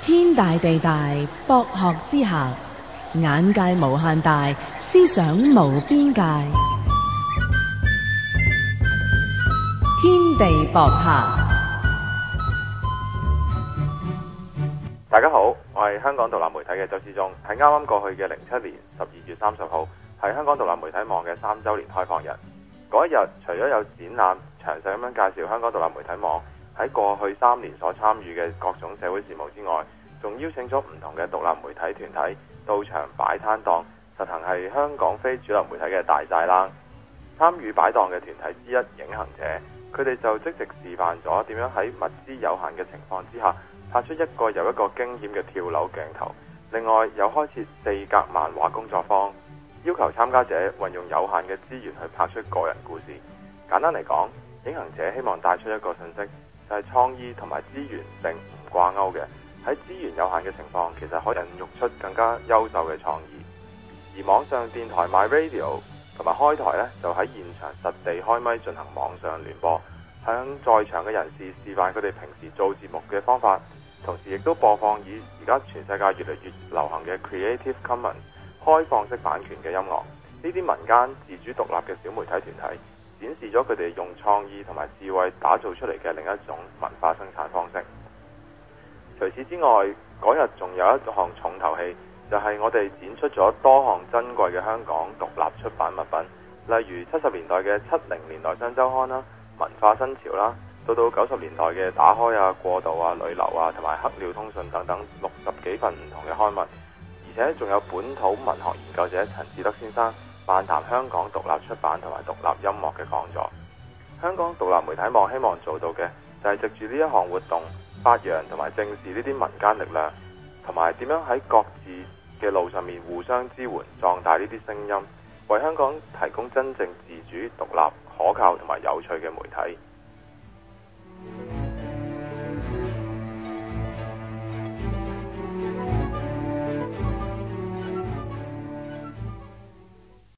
天大地大，博學之下，眼界無限大，思想無邊界。天地博客，大家好，我係香港獨立媒體嘅周志忠。喺啱啱過去嘅零七年十二月三十號，係香港獨立媒體網嘅三周年開放日。嗰一日，除咗有展覽，詳細咁樣介紹香港獨立媒體網。喺過去三年所參與嘅各種社會事務之外，仲邀請咗唔同嘅獨立媒體團體到場擺攤檔，實行係香港非主流媒體嘅大寨啦。參與擺檔嘅團體之一影行者，佢哋就即時示範咗點樣喺物資有限嘅情況之下拍出一個又一個驚險嘅跳樓鏡頭。另外，又開設四格漫畫工作坊，要求參加者運用有限嘅資源去拍出個人故事。簡單嚟講，影行者希望帶出一個信息。就係創意同埋資源並唔掛鈎嘅，喺資源有限嘅情況，其實可以孕育出更加優秀嘅創意。而網上電台 My Radio 同埋開台呢，就喺現場實地開咪進行網上聯播，向在場嘅人士示範佢哋平時做節目嘅方法，同時亦都播放以而家全世界越嚟越流行嘅 Creative Commons 開放式版權嘅音樂。呢啲民間自主獨立嘅小媒體團體，展示咗佢哋用創意同埋智慧打造出嚟嘅另一種文化生產方式。除此之外，嗰日仲有一項重頭戲，就係、是、我哋展出咗多項珍貴嘅香港獨立出版物品，例如七十年代嘅《七零年代雙週刊》啦，《文化新潮》啦，到到九十年代嘅《打開》啊，《過渡》啊，《旅流》啊，同埋《黑鳥通訊》等等六十幾份唔同嘅刊物，而且仲有本土文學研究者陳智德先生。漫談香港獨立出版同埋獨立音樂嘅講座。香港獨立媒體網希望做到嘅就係、是、藉住呢一項活動，發揚同埋正視呢啲民間力量，同埋點樣喺各自嘅路上面互相支援、壯大呢啲聲音，為香港提供真正自主、獨立、可靠同埋有趣嘅媒體。